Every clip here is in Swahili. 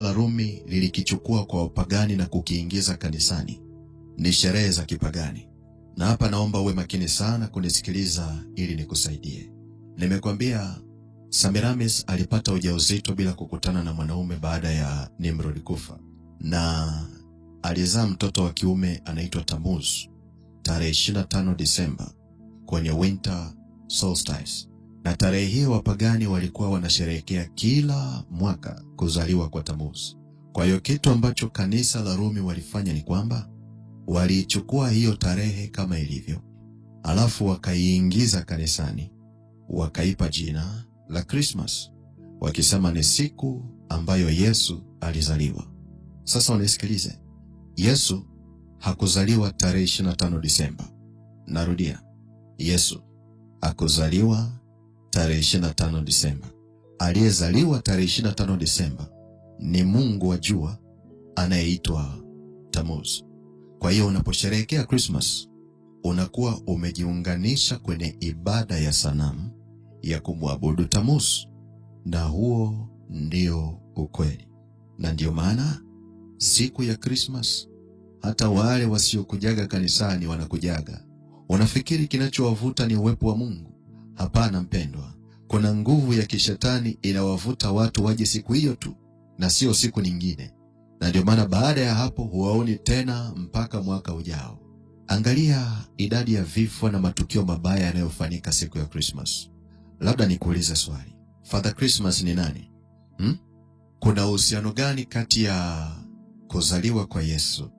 la Rumi lilikichukua kwa wapagani na kukiingiza kanisani. Ni sherehe za kipagani, na hapa naomba uwe makini sana kunisikiliza ili nikusaidie. Nimekwambia Semiramis alipata ujauzito bila kukutana na mwanaume baada ya Nimrod kufa, na alizaa mtoto wa kiume anaitwa Tammuz tarehe 25 Disemba kwenye winter solstice na tarehe hiyo wapagani walikuwa wanasherehekea kila mwaka kuzaliwa kwa Tammuz. Kwa hiyo kitu ambacho kanisa la Rumi walifanya ni kwamba waliichukua hiyo tarehe kama ilivyo, alafu wakaiingiza kanisani, wakaipa jina la Krismas, wakisema ni siku ambayo Yesu alizaliwa. Sasa unisikilize, Yesu hakuzaliwa tarehe 25 Disemba. Narudia, Yesu hakuzaliwa tarehe 25 Disemba. Aliyezaliwa tarehe 25 Disemba ni mungu wa jua anayeitwa Tammuz. Kwa hiyo unaposherehekea Krismas unakuwa umejiunganisha kwenye ibada ya sanamu ya kumwabudu Tammuz, na huo ndio ukweli, na ndio maana siku ya Krismas hata wale wasiokujaga kanisani wanakujaga. Unafikiri kinachowavuta ni uwepo wa Mungu? Hapana mpendwa, kuna nguvu ya kishetani inawavuta watu waje siku hiyo tu na sio siku nyingine, na ndio maana baada ya hapo huwaoni tena mpaka mwaka ujao. Angalia idadi ya vifo na matukio mabaya yanayofanyika siku ya Krismas. Labda nikuulize swali, Father Christmas ni nani hmm? Kuna uhusiano gani kati ya kuzaliwa kwa Yesu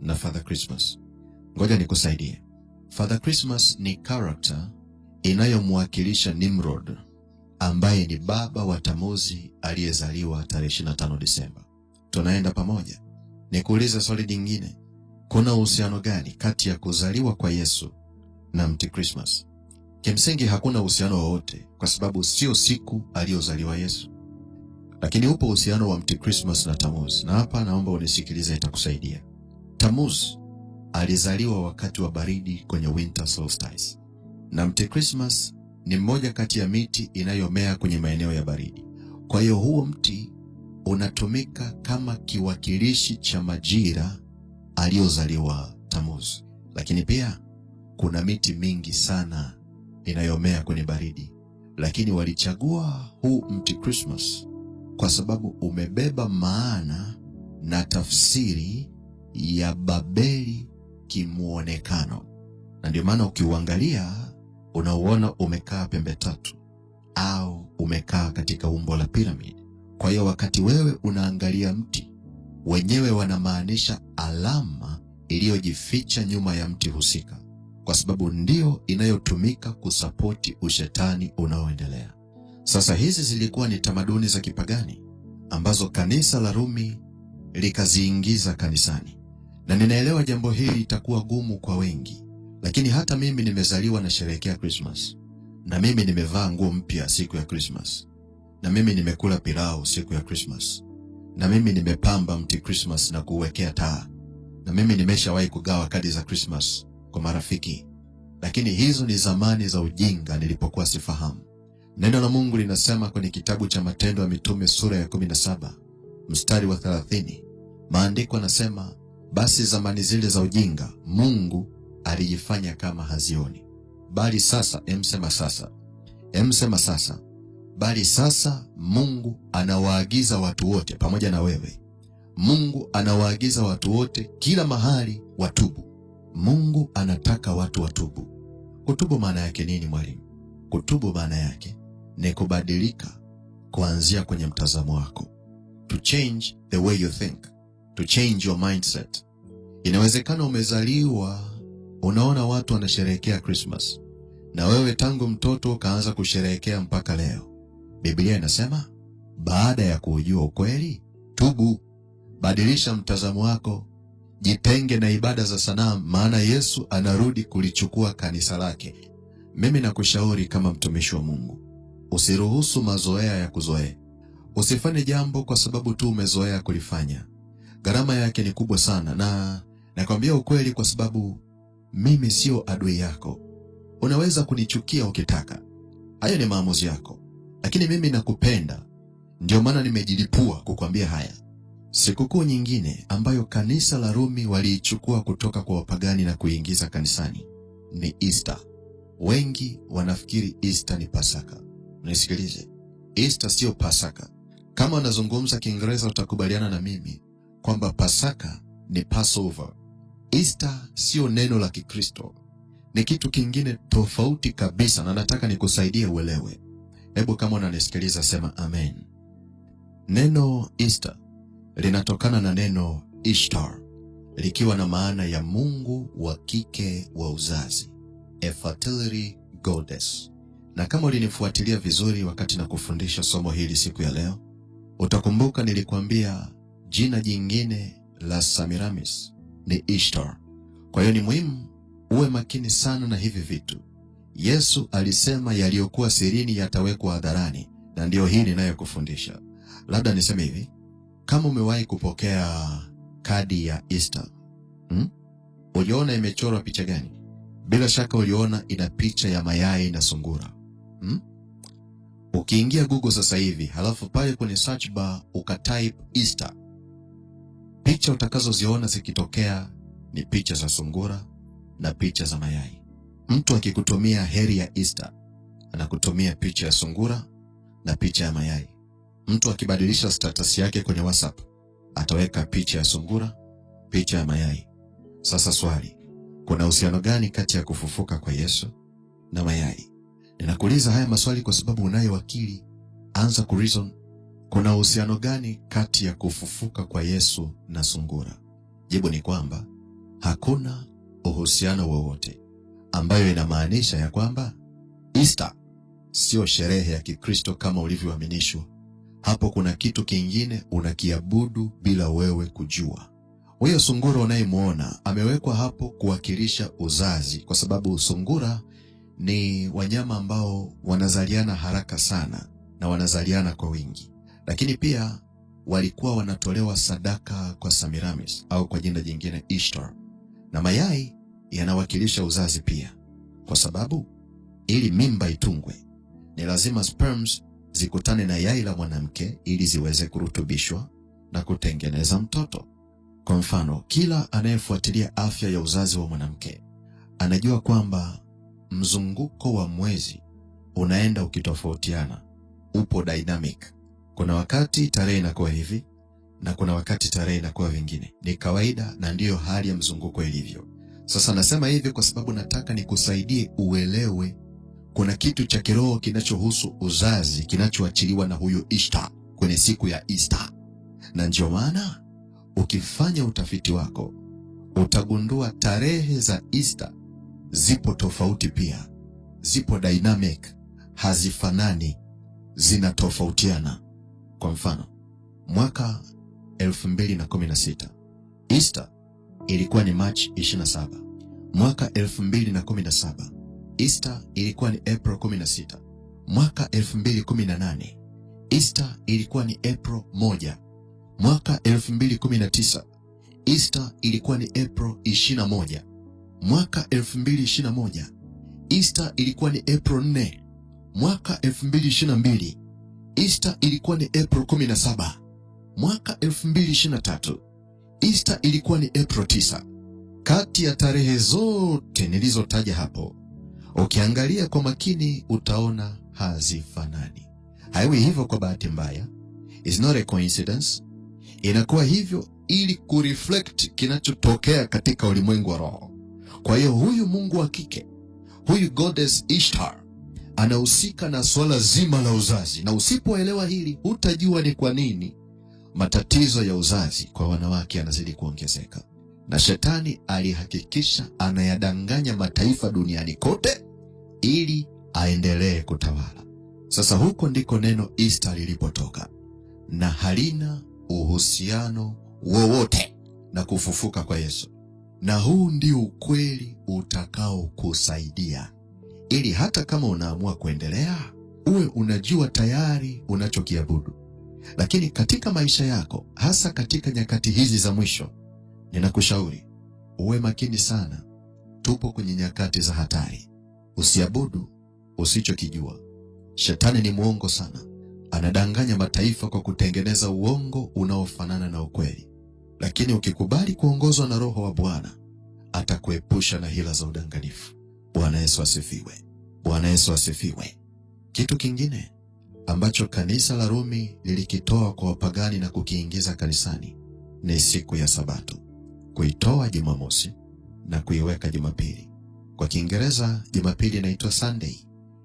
na Father Christmas? Ngoja nikusaidie. Father Christmas ni character inayomwakilisha Nimrod ambaye ni baba wa Tamuzi aliyezaliwa tarehe 25 Disemba. Tunaenda pamoja? Nikuulize swali jingine, kuna uhusiano gani kati ya kuzaliwa kwa Yesu na mti Krismas? Kimsingi hakuna uhusiano wowote, kwa sababu sio siku aliyozaliwa Yesu, lakini upo uhusiano wa mti Krismas na Tamuz, na hapa naomba unisikilize, itakusaidia. Tamuz alizaliwa wakati wa baridi kwenye winter solstice na mti Christmas ni mmoja kati ya miti inayomea kwenye maeneo ya baridi. Kwa hiyo huo mti unatumika kama kiwakilishi cha majira aliyozaliwa Tamuz, lakini pia kuna miti mingi sana inayomea kwenye baridi, lakini walichagua huu mti Christmas kwa sababu umebeba maana na tafsiri ya Babeli kimwonekano, na ndio maana ukiuangalia unaoona umekaa pembe tatu au umekaa katika umbo la piramidi. Kwa hiyo wakati wewe unaangalia mti wenyewe, wanamaanisha alama iliyojificha nyuma ya mti husika, kwa sababu ndio inayotumika kusapoti ushetani unaoendelea. Sasa hizi zilikuwa ni tamaduni za kipagani ambazo kanisa la Rumi likaziingiza kanisani, na ninaelewa jambo hili litakuwa gumu kwa wengi lakini hata mimi nimezaliwa na sherehekea Krismas, na mimi nimevaa nguo mpya siku ya Krismas, na mimi nimekula pilau siku ya Krismas, na mimi nimepamba mti Krismas na kuuwekea taa, na mimi nimeshawahi kugawa kadi za Krismas kwa marafiki. Lakini hizo ni zamani za ujinga nilipokuwa sifahamu. Neno la Mungu linasema kwenye kitabu cha Matendo ya Mitume sura ya 17 mstari wa 30, maandiko anasema basi zamani zile za ujinga Mungu alijifanya kama hazioni. Bali sasa, emsema sasa, emsema sasa, bali sasa Mungu anawaagiza watu wote, pamoja na wewe. Mungu anawaagiza watu wote kila mahali watubu. Mungu anataka watu watubu. Kutubu maana yake nini, mwalimu? Kutubu maana yake ni kubadilika kuanzia kwenye mtazamo wako, to change the way you think, to change your mindset. Inawezekana umezaliwa Unaona watu wanasherehekea Krismas na wewe tangu mtoto ukaanza kusherehekea mpaka leo. Biblia inasema baada ya kuujua ukweli, tubu, badilisha mtazamo wako, jitenge na ibada za sanamu, maana Yesu anarudi kulichukua kanisa lake. Mimi nakushauri kama mtumishi wa Mungu, usiruhusu mazoea ya kuzoea. Usifanye jambo kwa sababu tu umezoea kulifanya. Gharama yake ni kubwa sana, na nakwambia ukweli kwa sababu mimi sio adui yako. Unaweza kunichukia ukitaka, hayo ni maamuzi yako, lakini mimi nakupenda. ndio maana nimejilipua kukwambia haya. Sikukuu nyingine ambayo kanisa la Rumi waliichukua kutoka kwa wapagani na kuingiza kanisani ni Easter. Wengi wanafikiri Easter ni Pasaka. Nisikilize, Easter siyo Pasaka. Kama unazungumza Kiingereza utakubaliana na mimi kwamba Pasaka ni Passover. Easter sio neno la Kikristo, ni kitu kingine tofauti kabisa, na nataka nikusaidie uelewe. Hebu kama unanisikiliza sema amen. Neno Easter linatokana na neno Ishtar likiwa na maana ya mungu wa kike wa uzazi, a fertility goddess. Na kama ulinifuatilia vizuri wakati na kufundisha somo hili siku ya leo, utakumbuka nilikwambia jina jingine la Samiramis ni Ishtar. Kwa hiyo ni muhimu uwe makini sana na hivi vitu. Yesu alisema yaliyokuwa sirini yatawekwa hadharani, na ndiyo hii ninayokufundisha. Labda niseme hivi, kama umewahi kupokea kadi ya Easter hmm? Uliona imechorwa picha gani? Bila shaka uliona ina picha ya mayai na sungura hmm? Ukiingia Google sasa hivi, halafu pale kwenye search bar ukatype Easter Picha utakazoziona zikitokea ni picha za sungura na picha za mayai. Mtu akikutumia heri ya Easter anakutumia picha ya sungura na picha ya mayai. Mtu akibadilisha status yake kwenye WhatsApp ataweka picha ya sungura, picha ya mayai. Sasa swali, kuna uhusiano gani kati ya kufufuka kwa Yesu na mayai? Ninakuuliza haya maswali kwa sababu unayo akili, anza reason kuna uhusiano gani kati ya kufufuka kwa Yesu na sungura? Jibu ni kwamba hakuna uhusiano wowote, ambayo inamaanisha ya kwamba Easter siyo sherehe ya Kikristo kama ulivyoaminishwa. Hapo kuna kitu kingine unakiabudu bila wewe kujua. Huyo sungura unayemwona amewekwa hapo kuwakilisha uzazi, kwa sababu sungura ni wanyama ambao wanazaliana haraka sana na wanazaliana kwa wingi. Lakini pia walikuwa wanatolewa sadaka kwa Samiramis au kwa jina jingine Ishtar, na mayai yanawakilisha uzazi pia, kwa sababu ili mimba itungwe ni lazima sperms zikutane na yai la mwanamke ili ziweze kurutubishwa na kutengeneza mtoto. Kwa mfano, kila anayefuatilia afya ya uzazi wa mwanamke anajua kwamba mzunguko wa mwezi unaenda ukitofautiana, upo dynamic kuna wakati tarehe inakuwa hivi na kuna wakati tarehe inakuwa vingine. Ni kawaida na ndiyo hali ya mzunguko ilivyo. Sasa nasema hivi kwa sababu nataka nikusaidie uelewe kuna kitu cha kiroho kinachohusu uzazi kinachoachiliwa na huyu Ishta kwenye siku ya Ista, na ndio maana ukifanya utafiti wako utagundua tarehe za Ista zipo tofauti pia, zipo dynamic, hazifanani, zinatofautiana. Kwa mfano, mwaka 2016 Easter ilikuwa ni March 27. Mwaka 2017 Easter ilikuwa ni April 16. Mwaka 2018 Easter ilikuwa ni April 1. Mwaka 2019 Easter ilikuwa ni April 21. Mwaka 2021 Easter ilikuwa ni April 4. Mwaka 2022 Easter ilikuwa ni April 17 mwaka 2023. Easter ilikuwa ni April 9. Kati ya tarehe zote nilizotaja hapo, ukiangalia kwa makini utaona hazifanani. Haiwi hivyo kwa bahati mbaya, is not a coincidence. Inakuwa hivyo ili kureflect kinachotokea katika ulimwengu wa roho. Kwa hiyo huyu mungu wa kike, huyu goddess Ishtar anahusika na suala zima la uzazi, na usipoelewa hili hutajua ni kwa nini matatizo ya uzazi kwa wanawake yanazidi kuongezeka, na shetani alihakikisha anayadanganya mataifa duniani kote ili aendelee kutawala. Sasa huko ndiko neno ista lilipotoka na halina uhusiano wowote na kufufuka kwa Yesu, na huu ndio ukweli utakaokusaidia ili hata kama unaamua kuendelea uwe unajua tayari unachokiabudu. Lakini katika maisha yako, hasa katika nyakati hizi za mwisho, ninakushauri uwe makini sana. Tupo kwenye nyakati za hatari. Usiabudu usichokijua. Shetani ni mwongo sana, anadanganya mataifa kwa kutengeneza uongo unaofanana na ukweli. Lakini ukikubali kuongozwa na Roho wa Bwana, atakuepusha na hila za udanganyifu. Bwana Yesu asifiwe. Bwana Yesu asifiwe. Kitu kingine ambacho kanisa la Rumi lilikitoa kwa wapagani na kukiingiza kanisani ni siku ya Sabato, kuitoa Jumamosi na kuiweka Jumapili. Kwa Kiingereza Jumapili inaitwa Sunday.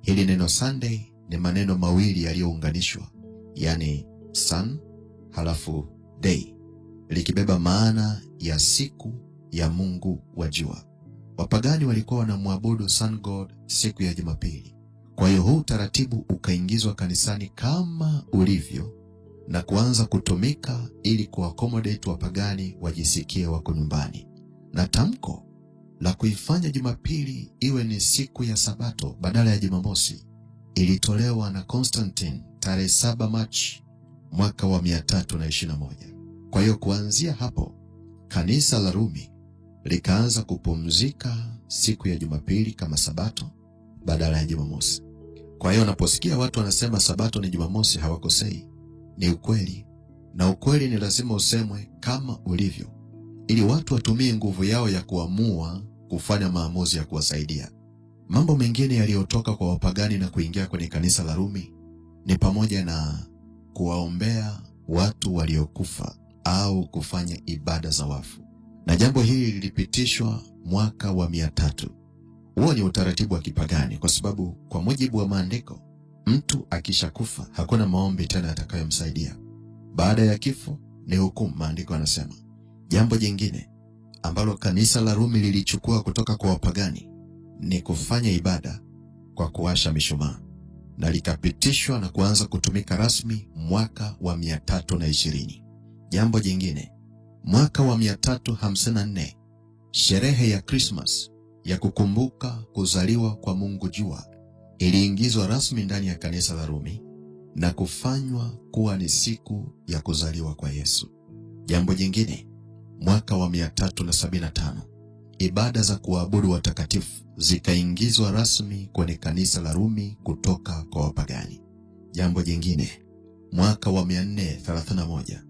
Hili neno Sunday ni maneno mawili yaliyounganishwa, yaani sun halafu day, likibeba maana ya siku ya Mungu wa jua. Wapagani walikuwa wanamwabudu Sun God siku ya Jumapili. Kwa hiyo huu utaratibu ukaingizwa kanisani kama ulivyo na kuanza kutumika ili kuakomodate wapagani wajisikie wako nyumbani, na tamko la kuifanya Jumapili iwe ni siku ya Sabato badala ya Jumamosi ilitolewa na Constantine tarehe 7 Machi mwaka wa 321. Kwa hiyo kuanzia hapo kanisa la Rumi likaanza kupumzika siku ya Jumapili kama Sabato badala ya Jumamosi. Kwa hiyo unaposikia watu wanasema Sabato ni Jumamosi, hawakosei, ni ukweli, na ukweli ni lazima usemwe kama ulivyo, ili watu watumie nguvu yao ya kuamua kufanya maamuzi ya kuwasaidia. Mambo mengine yaliyotoka kwa wapagani na kuingia kwenye kanisa la Rumi ni pamoja na kuwaombea watu waliokufa au kufanya ibada za wafu na jambo hili lilipitishwa mwaka wa mia tatu. Huo ni utaratibu wa kipagani, kwa sababu kwa mujibu wa maandiko mtu akishakufa hakuna maombi tena yatakayomsaidia baada ya kifo, ni hukumu. Maandiko yanasema jambo jingine ambalo kanisa la Rumi lilichukua kutoka kwa wapagani ni kufanya ibada kwa kuwasha mishumaa na likapitishwa na kuanza kutumika rasmi mwaka wa mia tatu na ishirini. Jambo jingine Mwaka wa 354, sherehe ya Krismas ya kukumbuka kuzaliwa kwa Mungu Jua iliingizwa rasmi ndani ya kanisa la Rumi na kufanywa kuwa ni siku ya kuzaliwa kwa Yesu. Jambo jingine, mwaka wa 375, ibada za kuabudu watakatifu zikaingizwa rasmi kwenye kanisa la Rumi kutoka kwa wapagani. Jambo jingine, mwaka wa 431,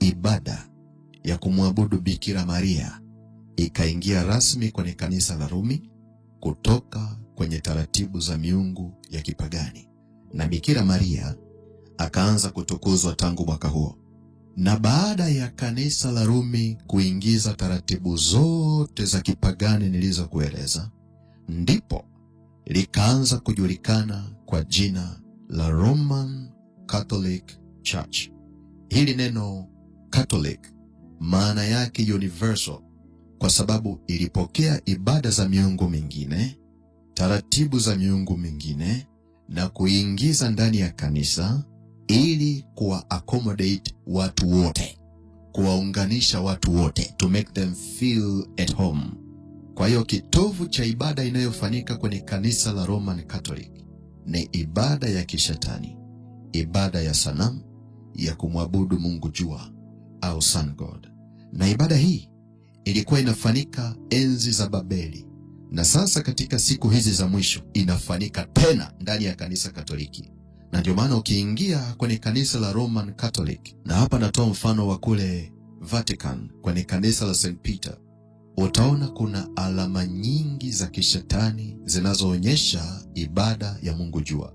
ibada ya kumwabudu Bikira Maria ikaingia rasmi kwenye kanisa la Rumi kutoka kwenye taratibu za miungu ya kipagani, na Bikira Maria akaanza kutukuzwa tangu mwaka huo. Na baada ya kanisa la Rumi kuingiza taratibu zote za kipagani nilizokueleza, ndipo likaanza kujulikana kwa jina la Roman Catholic Church. Hili neno Catholic maana yake universal, kwa sababu ilipokea ibada za miungu mingine, taratibu za miungu mingine na kuingiza ndani ya kanisa ili kuwa accommodate watu wote, kuwaunganisha watu wote, to make them feel at home. Kwa hiyo kitovu cha ibada inayofanyika kwenye kanisa la Roman Catholic ni ibada ya kishetani, ibada ya sanamu ya kumwabudu mungu jua au sun god na ibada hii ilikuwa inafanyika enzi za Babeli na sasa katika siku hizi za mwisho inafanyika tena ndani ya kanisa Katoliki, na ndio maana ukiingia kwenye kanisa la Roman Catholic, na hapa natoa mfano wa kule Vatican kwenye kanisa la St Peter, utaona kuna alama nyingi za kishetani zinazoonyesha ibada ya Mungu jua,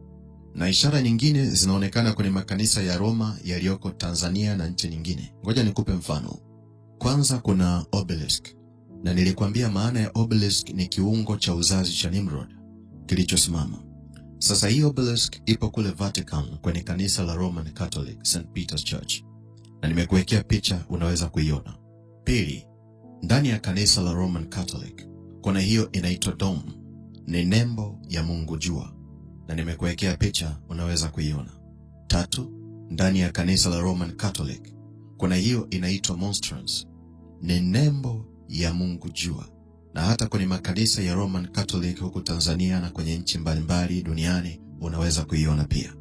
na ishara nyingine zinaonekana kwenye makanisa ya Roma yaliyoko Tanzania na nchi nyingine. Ngoja nikupe mfano. Kwanza kuna obelisk, na nilikwambia maana ya obelisk ni kiungo cha uzazi cha Nimrod kilichosimama. Sasa hii obelisk ipo kule Vatican kwenye kanisa la Roman Catholic St Peter's Church, na nimekuwekea picha, unaweza kuiona. Pili, ndani ya kanisa la Roman Catholic kuna hiyo inaitwa dome, ni nembo ya Mungu jua, na nimekuwekea picha, unaweza kuiona. Tatu, ndani ya kanisa la Roman Catholic kuna hiyo inaitwa monstrance ni nembo ya Mungu Jua, na hata kwenye makanisa ya Roman Catholic huku Tanzania na kwenye nchi mbalimbali duniani unaweza kuiona pia.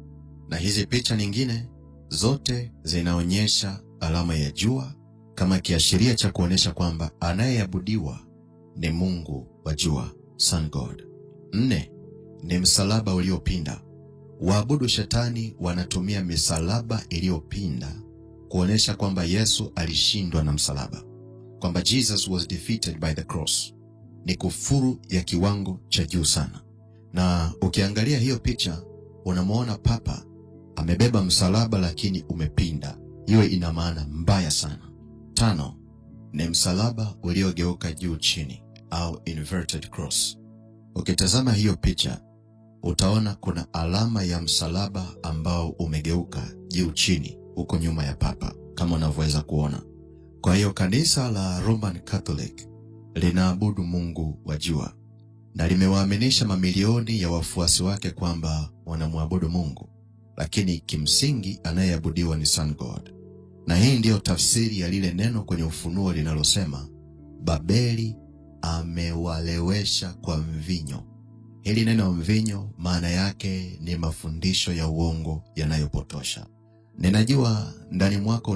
Na hizi picha nyingine zote zinaonyesha alama ya jua kama kiashiria cha kuonyesha kwamba anayeabudiwa ni Mungu wa jua, Sun God. Nne, ni msalaba uliopinda. Waabudu shetani wanatumia misalaba iliyopinda kuonyesha kwamba Yesu alishindwa na msalaba kwamba Jesus was defeated by the cross ni kufuru ya kiwango cha juu sana, na ukiangalia hiyo picha unamwona papa amebeba msalaba lakini umepinda. Hiyo ina maana mbaya sana. Tano, ni msalaba uliogeuka juu chini au inverted cross. Ukitazama hiyo picha utaona kuna alama ya msalaba ambao umegeuka juu chini huko nyuma ya papa kama unavyoweza kuona. Kwa hiyo kanisa la Roman Catholic linaabudu Mungu wa jua na limewaaminisha mamilioni ya wafuasi wake kwamba wanamwabudu Mungu, lakini kimsingi anayeabudiwa ni Sun God. Na hii ndiyo tafsiri ya lile neno kwenye Ufunuo linalosema Babeli amewalewesha kwa mvinyo. Hili neno mvinyo maana yake ni mafundisho ya uongo yanayopotosha. Ninajua ndani mwako